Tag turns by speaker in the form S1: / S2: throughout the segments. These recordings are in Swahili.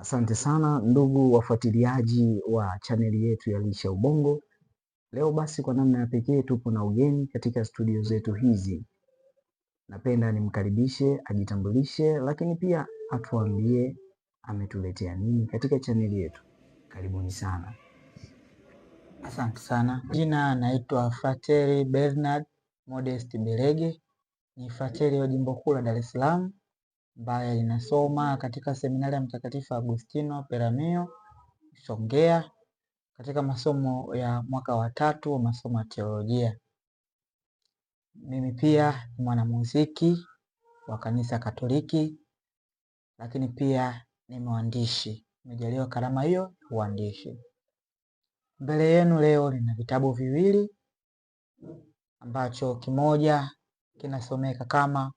S1: Asante sana ndugu wafuatiliaji wa chaneli yetu ya lisha Ubongo. Leo basi kwa namna ya pekee tupo na ugeni katika studio zetu hizi. Napenda nimkaribishe ajitambulishe, lakini pia atuambie ametuletea nini katika chaneli yetu. Karibuni sana.
S2: Asante sana. Jina naitwa Fateri Bernard Modest berege ni Fateri wa jimbo kuu la Dar es Salaam, ambayo inasoma katika seminari ya Mtakatifu Agustino Peramio Songea, katika masomo ya mwaka wa tatu wa masomo ya teolojia. Mimi pia ni mwanamuziki wa kanisa Katoliki, lakini pia ni mwandishi, nimejaliwa karama hiyo uandishi. Mbele yenu leo nina vitabu viwili ambacho kimoja kinasomeka kama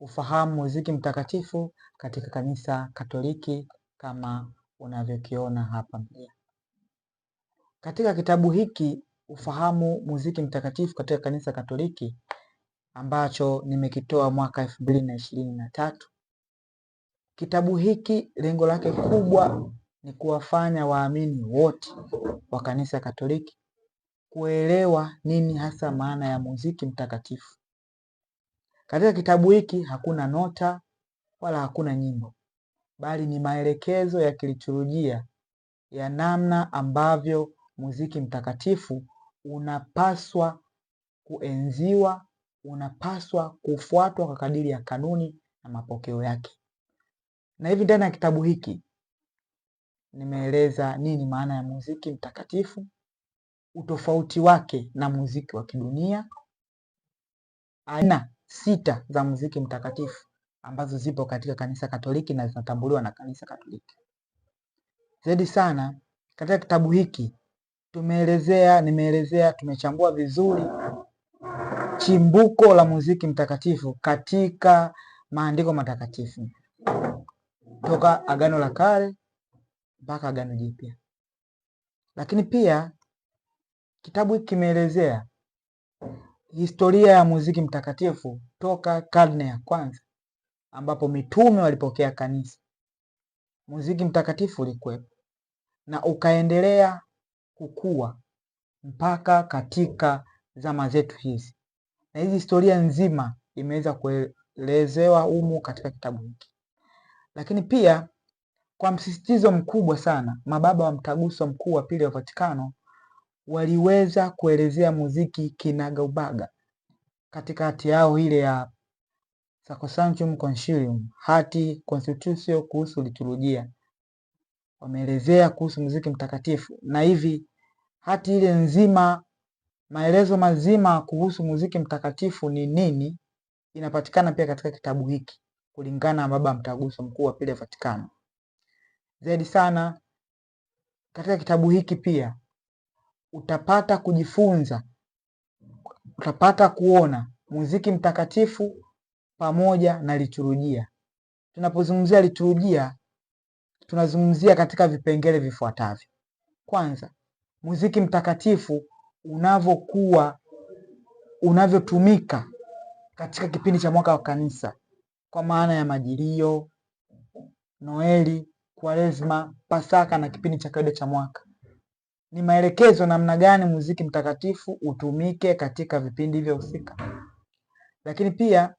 S2: ufahamu muziki mtakatifu katika kanisa Katoliki kama unavyokiona hapa. Katika kitabu hiki ufahamu muziki mtakatifu katika kanisa Katoliki ambacho nimekitoa mwaka elfu mbili na ishirini na tatu. Kitabu hiki lengo lake kubwa ni kuwafanya waamini wote wa kanisa Katoliki kuelewa nini hasa maana ya muziki mtakatifu katika kitabu hiki hakuna nota wala hakuna nyimbo, bali ni maelekezo ya kiliturujia ya namna ambavyo muziki mtakatifu unapaswa kuenziwa, unapaswa kufuatwa kwa kadiri ya kanuni na mapokeo yake. Na hivi ndani ya kitabu hiki nimeeleza nini maana ya muziki mtakatifu, utofauti wake na muziki wa kidunia, aina sita za muziki mtakatifu ambazo zipo katika kanisa Katoliki na zinatambuliwa na kanisa Katoliki. Zaidi sana katika kitabu hiki tumeelezea, nimeelezea, tumechambua vizuri chimbuko la muziki mtakatifu katika maandiko matakatifu toka Agano la Kale mpaka Agano Jipya, lakini pia kitabu kimeelezea Historia ya muziki mtakatifu toka karne ya kwanza ambapo mitume walipokea kanisa, muziki mtakatifu ulikuwepo na ukaendelea kukua mpaka katika zama zetu hizi, na hizi historia nzima imeweza kuelezewa humu katika kitabu hiki. Lakini pia kwa msisitizo mkubwa sana, mababa wa mtaguso mkuu wa pili wa Vatikano waliweza kuelezea muziki kinagaubaga katika hati yao ile ya Sacrosanctum Concilium, hati constitutio kuhusu liturujia, wameelezea kuhusu muziki mtakatifu, na hivi hati ile nzima, maelezo mazima kuhusu muziki mtakatifu ni nini, inapatikana pia katika kitabu hiki kulingana na Baba Mtaguso Mkuu wa Pili wa Vatikano. Zaidi sana katika kitabu hiki pia utapata kujifunza, utapata kuona muziki mtakatifu pamoja na liturujia. Tunapozungumzia liturujia, tunazungumzia katika vipengele vifuatavyo. Kwanza, muziki mtakatifu unavyokuwa unavyotumika katika kipindi cha mwaka wa kanisa, kwa maana ya majilio, Noeli, Kwaresma, Pasaka na kipindi cha kawaida cha mwaka. Ni maelekezo namna gani muziki mtakatifu utumike katika vipindi vya husika. Lakini pia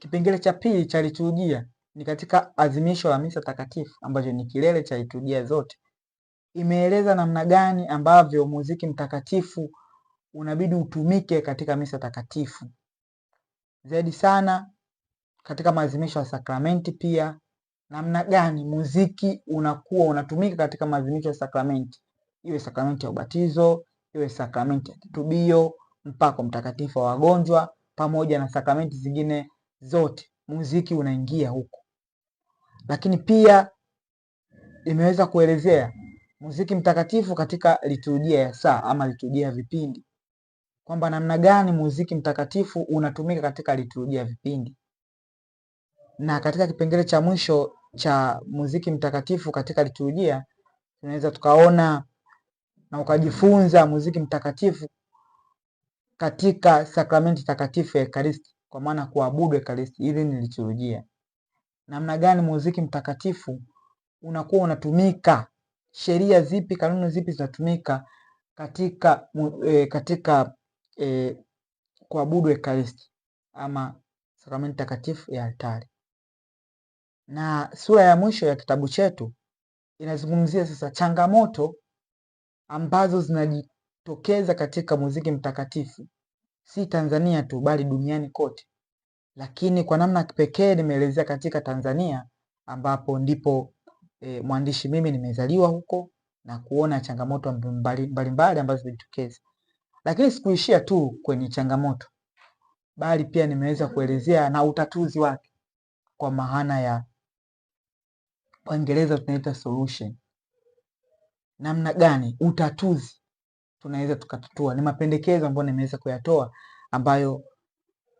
S2: kipengele cha pili cha liturujia ni katika adhimisho la misa takatifu ambacho ni kilele cha liturujia zote, imeeleza namna gani ambavyo muziki mtakatifu unabidi utumike katika misa takatifu, zaidi sana katika maadhimisho ya sakramenti. Pia namna gani muziki unakuwa unatumika katika maadhimisho ya sakramenti iwe sakramenti ya ubatizo, iwe sakramenti ya kitubio, mpako mtakatifu wa wagonjwa, pamoja na sakramenti zingine zote, muziki unaingia huko. Lakini pia imeweza kuelezea muziki mtakatifu katika liturujia ya saa ama liturujia ya vipindi, kwamba namna gani muziki mtakatifu unatumika katika liturujia ya vipindi. Na katika kipengele cha mwisho cha muziki mtakatifu katika liturujia tunaweza tukaona na ukajifunza muziki mtakatifu katika sakramenti takatifu ya Ekaristi, kwa maana kuabudu Ekaristi, ili ni liturujia. Namna gani muziki mtakatifu unakuwa unatumika, sheria zipi, kanuni zipi zinatumika katika e, katika e, kuabudu Ekaristi ama sakramenti takatifu ya altari. Na sura ya mwisho ya kitabu chetu inazungumzia sasa changamoto ambazo zinajitokeza katika muziki mtakatifu, si Tanzania tu bali duniani kote, lakini kwa namna kipekee nimeelezea katika Tanzania ambapo ndipo e, mwandishi mimi nimezaliwa huko na kuona changamoto mbalimbali ambazo zimejitokeza, lakini sikuishia tu kwenye changamoto, bali pia nimeweza kuelezea na utatuzi wake, kwa maana ya Waingereza tunaita solution namna gani utatuzi tunaweza tukatatua. Ni mapendekezo ambayo nimeweza kuyatoa ambayo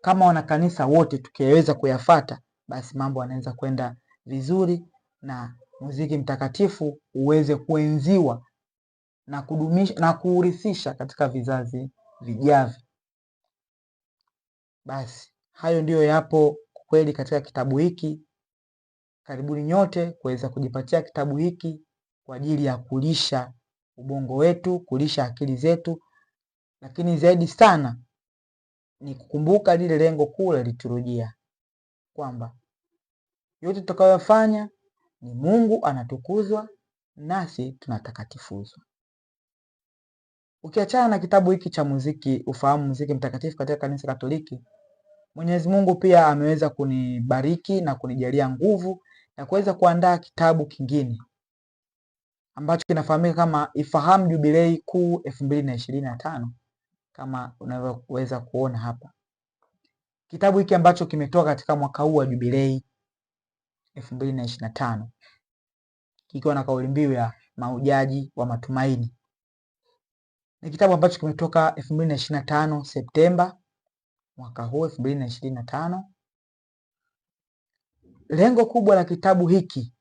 S2: kama wanakanisa wote tukiweza kuyafata, basi mambo yanaweza kwenda vizuri na muziki mtakatifu uweze kuenziwa na kudumisha na kuurithisha katika vizazi vijavyo. Basi hayo ndiyo yapo kweli katika kitabu hiki. Karibuni nyote kuweza kujipatia kitabu hiki kwa ajili ya kulisha ubongo wetu, kulisha akili zetu, lakini zaidi sana ni kukumbuka lile lengo kuu la liturujia kwamba yote tutakayofanya ni Mungu anatukuzwa nasi tunatakatifuzwa. Ukiachana na kitabu hiki cha muziki, ufahamu muziki mtakatifu katika kanisa Katoliki, Mwenyezi Mungu pia ameweza kunibariki na kunijalia nguvu na kuweza kuandaa kitabu kingine ambacho kinafahamika kama Ifahamu Jubilei Kuu 2025 na ishirini na tano kama unavyoweza kuona hapa. Kitabu hiki ambacho kimetoka katika mwaka huu wa jubilei 2025 na na tano kikiwa na kauli mbiu ya mahujaji wa matumaini. Ni kitabu ambacho kimetoka elfu mbili na na tano Septemba mwaka huu 2025. na na tano. Lengo kubwa la kitabu hiki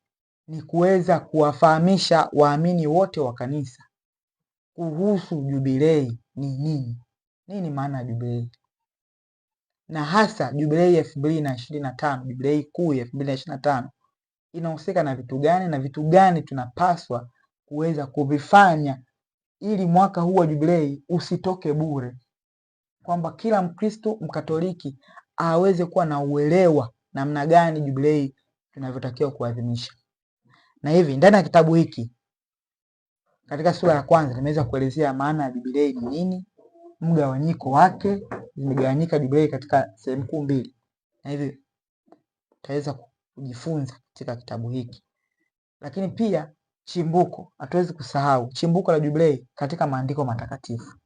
S2: ni kuweza kuwafahamisha waamini wote wa kanisa kuhusu jubilei ni nini, nini maana ya jubilei, na hasa jubilei ya elfu mbili na ishirini na tano jubilei kuu ya elfu mbili na ishirini na tano inahusika na vitu gani na vitu gani tunapaswa kuweza kuvifanya ili mwaka huu wa jubilei usitoke bure, kwamba kila Mkristo Mkatoliki aweze kuwa na uelewa namna gani jubilei tunavyotakiwa kuadhimisha na hivi ndani ya kitabu hiki katika sura ya kwanza nimeweza kuelezea maana ya Biblia ni nini, mgawanyiko wake, imegawanyika Biblia katika sehemu kuu mbili, na hivi utaweza kujifunza katika kitabu hiki. Lakini pia chimbuko, hatuwezi kusahau chimbuko la Biblia katika maandiko matakatifu,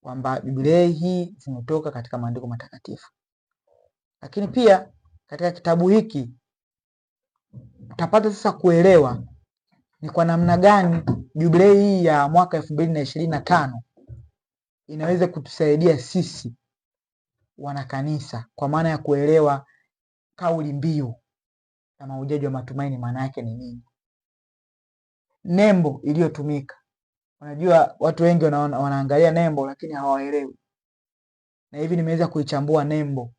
S2: kwamba Biblia hii zimetoka katika maandiko matakatifu. Lakini pia katika kitabu hiki utapata sasa kuelewa ni kwa namna gani jubilei hii ya mwaka elfu mbili na ishirini na tano inaweza kutusaidia sisi wanakanisa kwa maana ya kuelewa kauli mbiu na maujaji wa matumaini maana yake ni nini, nembo iliyotumika. Unajua, watu wengi wana, wanaangalia nembo lakini hawaelewi, na hivi nimeweza kuichambua nembo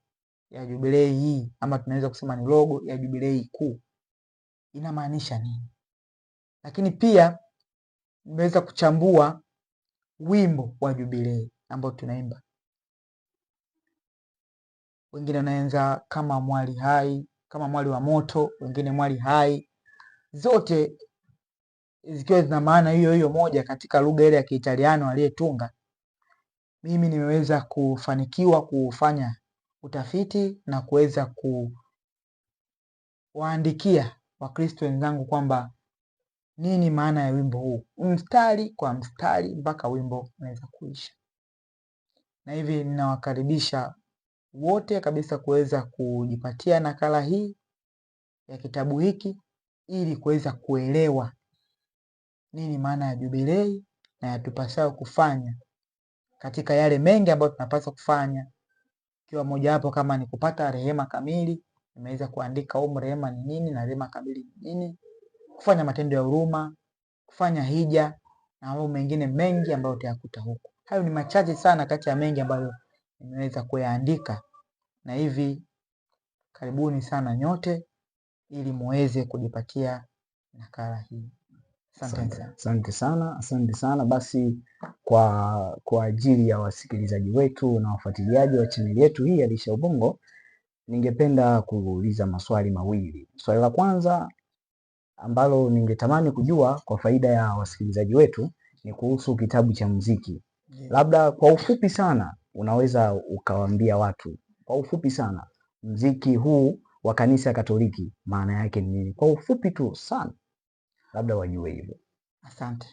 S2: ya jubilei hii ama tunaweza kusema ni logo ya jubilei kuu inamaanisha nini. Lakini pia nimeweza kuchambua wimbo wa Jubilee ambao tunaimba, wengine wanaanza kama mwali hai, kama mwali wa moto, wengine mwali hai, zote zikiwa zina maana hiyo hiyo moja katika lugha ile ya Kiitaliano aliyetunga. Mimi nimeweza kufanikiwa kufanya utafiti na kuweza kuwaandikia Wakristo wenzangu kwamba nini maana ya wimbo huu mstari kwa mstari mpaka wimbo unaweza kuisha, na hivi ninawakaribisha wote kabisa kuweza kujipatia nakala hii ya kitabu hiki ili kuweza kuelewa nini maana ya jubilei na yatupasayo kufanya katika yale mengi ambayo tunapaswa kufanya, ikiwa mojawapo kama ni kupata rehema kamili nimeweza kuandika umu rehema ni nini na rehema kamili ni nini, kufanya matendo ya huruma, kufanya hija na mambo mengine mengi ambayo utayakuta huko. Hayo ni machache sana kati ya mengi ambayo nimeweza kuyaandika, na hivi karibuni sana nyote ili muweze kujipatia nakala hii. Asante sana.
S1: Asante sana, sana basi kwa, kwa ajili ya wasikilizaji wetu na wafuatiliaji wa chaneli yetu hii ya Lisha Ubongo, ningependa kuuliza maswali mawili. Swali la kwanza ambalo ningetamani kujua kwa faida ya wasikilizaji wetu ni kuhusu kitabu cha muziki. Labda kwa ufupi sana unaweza ukawaambia watu kwa ufupi sana muziki huu wa kanisa Katoliki maana yake ni nini? Kwa ufupi tu sana, labda wajue hivyo.
S2: Asante.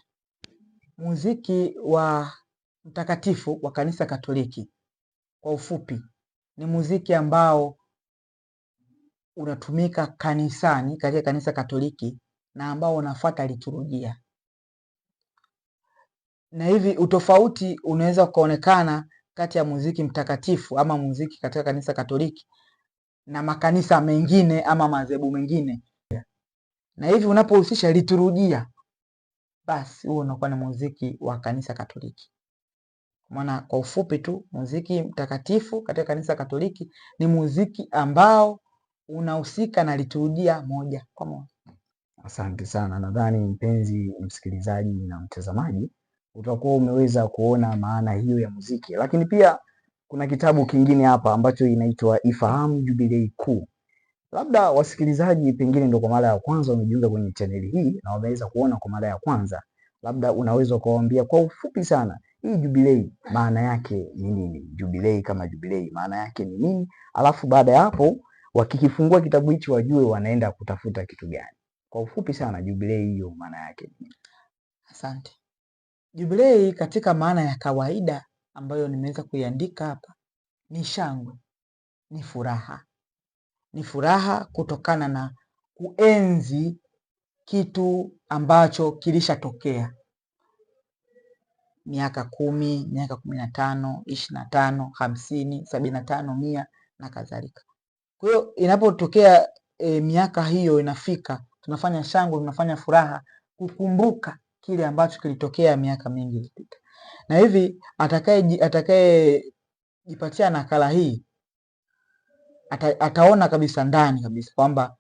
S2: Muziki wa mtakatifu wa kanisa Katoliki kwa ufupi ni muziki ambao unatumika kanisani katika kanisa Katoliki na ambao unafuata liturujia, na hivi utofauti unaweza ukaonekana kati ya muziki mtakatifu ama muziki katika kanisa Katoliki na makanisa mengine ama madhehebu mengine, na hivi unapohusisha liturujia, basi huo unakuwa ni muziki wa kanisa Katoliki. Maana kwa ufupi tu, muziki mtakatifu katika kanisa Katoliki ni muziki ambao unahusika na liturujia moja kwa moja.
S1: Asante sana, nadhani mpenzi msikilizaji na mtazamaji utakuwa umeweza kuona maana hiyo ya muziki, lakini pia kuna kitabu kingine hapa ambacho inaitwa Ifahamu Jubilei Kuu. Labda wasikilizaji pengine ndo kwa mara ya kwanza wamejiunga kwenye chaneli hii na wameweza kuona kwa mara ya kwanza, labda unaweza ukawaambia kwa ufupi sana hii jubilei maana yake ni nini? Jubilei kama jubilei maana yake ni nini? Alafu baada ya hapo wakikifungua kitabu hichi wajue wanaenda kutafuta kitu gani. Kwa ufupi sana, jubilei hiyo maana yake
S2: Asante. Jubilei katika maana ya kawaida ambayo nimeweza kuiandika hapa ni shangwe, ni furaha, ni furaha kutokana na kuenzi kitu ambacho kilishatokea miaka kumi, miaka kumi na tano, ishirini na tano, hamsini, sabini na tano, mia na kadhalika. Kwa hiyo inapotokea e, miaka hiyo inafika, tunafanya shangwe, tunafanya furaha kukumbuka kile ambacho kilitokea miaka mingi iliyopita, na hivi atakaye atakayejipatia nakala hii ata, ataona kabisa ndani kabisa kwamba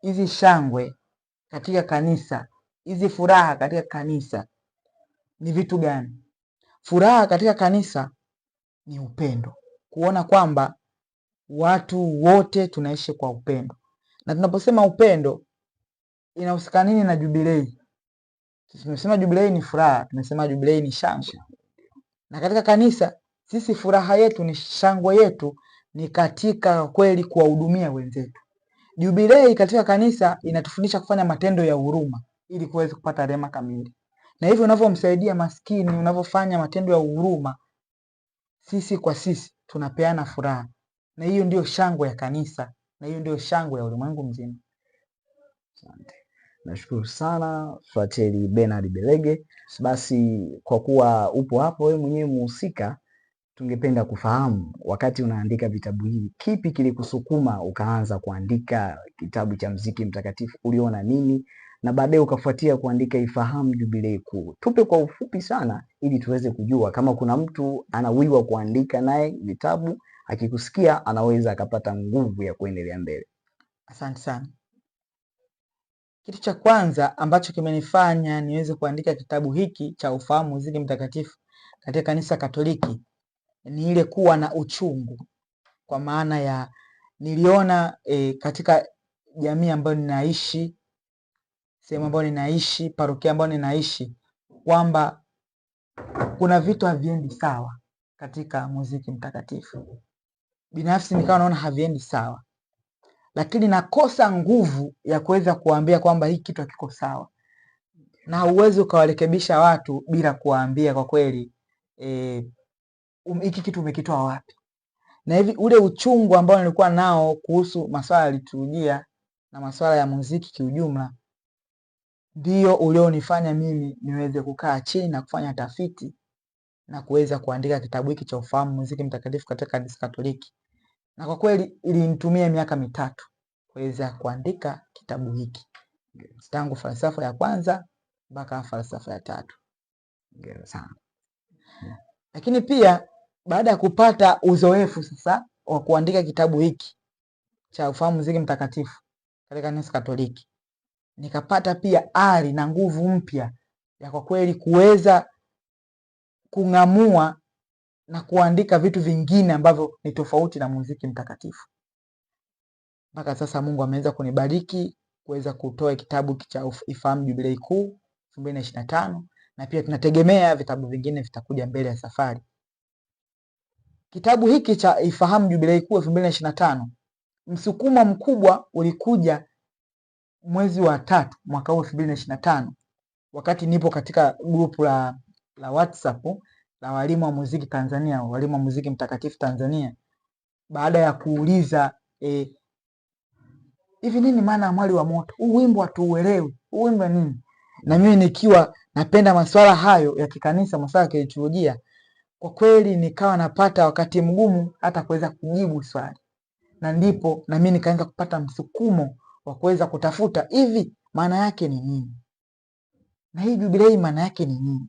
S2: hizi shangwe katika kanisa, hizi furaha katika kanisa ni vitu gani? Furaha katika kanisa ni upendo, kuona kwamba watu wote tunaishi kwa upendo, na tunaposema upendo inahusika nini na jubilei? Tumesema jubilei ni furaha, tumesema jubilei ni shangwe, na katika kanisa sisi furaha yetu ni shangwe yetu ni katika kweli kuwahudumia wenzetu. Jubilei katika kanisa inatufundisha kufanya matendo ya huruma ili kuweza kupata rehema kamili, na hivyo unavyomsaidia maskini, unavyofanya matendo ya huruma, sisi kwa sisi tunapeana furaha na hiyo ndio shangwe ya kanisa na hiyo ndio shangwe ya ulimwengu mzima.
S1: Asante. Nashukuru sana Frateli Bernard Belege. Basi kwa kuwa upo hapo wewe mwenyewe muhusika, tungependa kufahamu wakati unaandika vitabu hivi, kipi kilikusukuma ukaanza kuandika kitabu cha mziki mtakatifu? Uliona nini na baadaye ukafuatia kuandika Ifahamu Jubilei Kuu? Tupe kwa ufupi sana, ili tuweze kujua kama kuna mtu anawiwa kuandika naye vitabu akikusikia anaweza akapata nguvu ya kuendelea mbele.
S2: Asante sana. Kitu cha kwanza ambacho kimenifanya niweze kuandika kitabu hiki cha Ufahamu Uziki Mtakatifu katika Kanisa Katoliki ni ile kuwa na uchungu, kwa maana ya niliona e, katika jamii ambayo ninaishi, sehemu ambayo ninaishi, parokia ambayo ninaishi, kwamba kuna vitu haviendi sawa katika muziki mtakatifu binafsi nikawa naona haviendi sawa, lakini nakosa nguvu ya kuweza kuwaambia kwamba hii kitu hakiko sawa, na uwezi ukawarekebisha watu bila kuwaambia kwa kweli e, um, hiki kitu umekitoa wapi na hivi ule uchungu ambao nilikuwa nao kuhusu maswala ya liturujia na maswala ya muziki kiujumla, ndio ulionifanya mimi niweze kukaa chini na kufanya tafiti na kuweza kuandika kitabu hiki cha Ufahamu Muziki Mtakatifu katika Kanisa Katoliki, na kwa kweli ilinitumia miaka mitatu kuweza kuandika kitabu hiki yes. tangu falsafa ya kwanza mpaka falsafa ya tatu yes. Lakini pia baada ya kupata uzoefu sasa wa kuandika kitabu hiki cha ufahamu ziki mtakatifu katika kanisa Katoliki, nikapata pia ari na nguvu mpya ya kwa kweli kuweza kung'amua na kuandika vitu vingine ambavyo ni tofauti na muziki mtakatifu. Mpaka sasa Mungu ameweza kunibariki kuweza kutoa kitabu cha Ifahamu Jubilei Kuu elfu mbili na na na tano pia tunategemea vitabu vingine vitakuja mbele ya safari. Kitabu hiki cha Ifahamu Jubilei Kuu elfu mbili na na tano msukumo mkubwa ulikuja mwezi wa tatu mwaka huu elfu mbili na na tano wakati nipo katika grupu la, la WhatsApp la walimu wa muziki Tanzania, walimu wa muziki mtakatifu Tanzania, baada ya kuuliza e, hivi e, nini maana ya mwali wa moto? Huu wimbo hatuuelewi, huu wimbo nini? Na mimi nikiwa napenda masuala hayo ya kikanisa, masuala ya kiliturujia, kwa kweli nikawa napata wakati mgumu hata kuweza kujibu swali, na ndipo na mimi nikaanza kupata msukumo wa kuweza kutafuta hivi maana yake ni nini, na hii jubilei maana yake ni nini?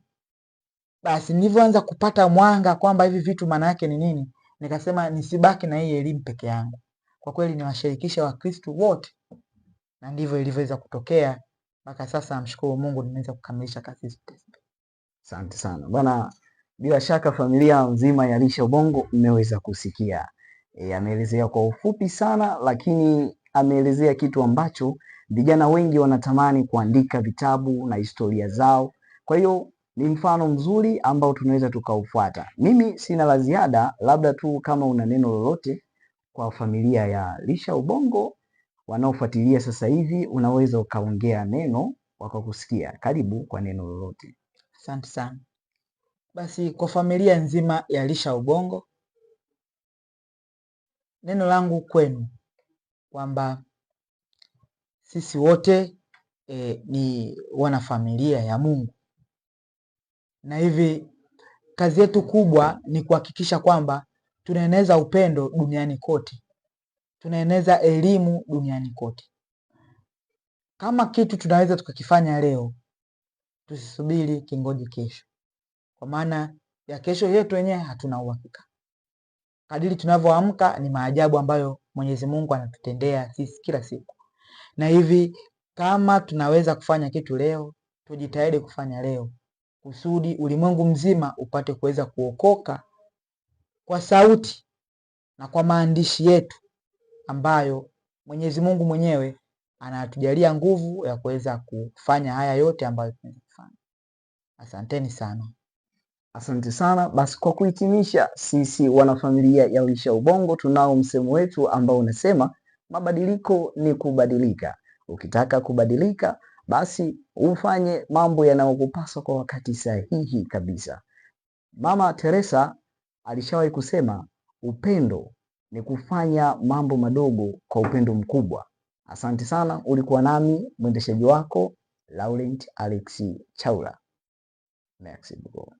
S2: Basi nilivyoanza kupata mwanga kwamba hivi vitu maana yake ni nini, nikasema nisibaki na hii elimu peke yangu, kwa kweli niwashirikishe Wakristo wote, na ndivyo ilivyoweza kutokea mpaka sasa. Namshukuru Mungu nimeweza kukamilisha kazi.
S1: Asante sana bwana. Bila shaka familia nzima ya Lisha Ubongo mmeweza kusikia e, ameelezea kwa ufupi sana, lakini ameelezea kitu ambacho vijana wengi wanatamani kuandika vitabu na historia zao. Kwa hiyo ni mfano mzuri ambao tunaweza tukaufuata. Mimi sina la ziada, labda tu kama una neno lolote kwa familia ya Lisha Ubongo wanaofuatilia sasa hivi, unaweza ukaongea neno wakakusikia. Karibu kwa neno lolote.
S2: Asante sana. Basi kwa familia nzima ya Lisha Ubongo, neno langu kwenu kwamba sisi wote e, ni wanafamilia ya Mungu na hivi kazi yetu kubwa ni kuhakikisha kwamba tunaeneza upendo duniani kote, tunaeneza elimu duniani kote. Kama kitu tunaweza tukakifanya leo, tusisubiri kingoje kesho, kwa maana ya kesho yetu wenyewe hatuna uhakika. Kadiri tunavyoamka ni maajabu ambayo Mwenyezi Mungu anatutendea sisi kila siku, na hivi kama tunaweza kufanya kitu leo, tujitahidi kufanya leo kusudi ulimwengu mzima upate kuweza kuokoka kwa sauti na kwa maandishi yetu ambayo Mwenyezi Mungu mwenyewe anatujalia nguvu ya kuweza kufanya haya yote ambayo tunaweza kufanya.
S1: Asanteni sana. Asante sana. Basi kwa kuhitimisha, sisi wanafamilia ya Uisha Ubongo tunao msemo wetu ambao unasema mabadiliko ni kubadilika. Ukitaka kubadilika basi ufanye mambo yanayokupaswa kwa wakati sahihi kabisa. Mama Teresa alishawahi kusema upendo ni kufanya mambo madogo kwa upendo mkubwa. Asante sana, ulikuwa nami mwendeshaji wako Laurent Alexi Chaula. Merci beaucoup.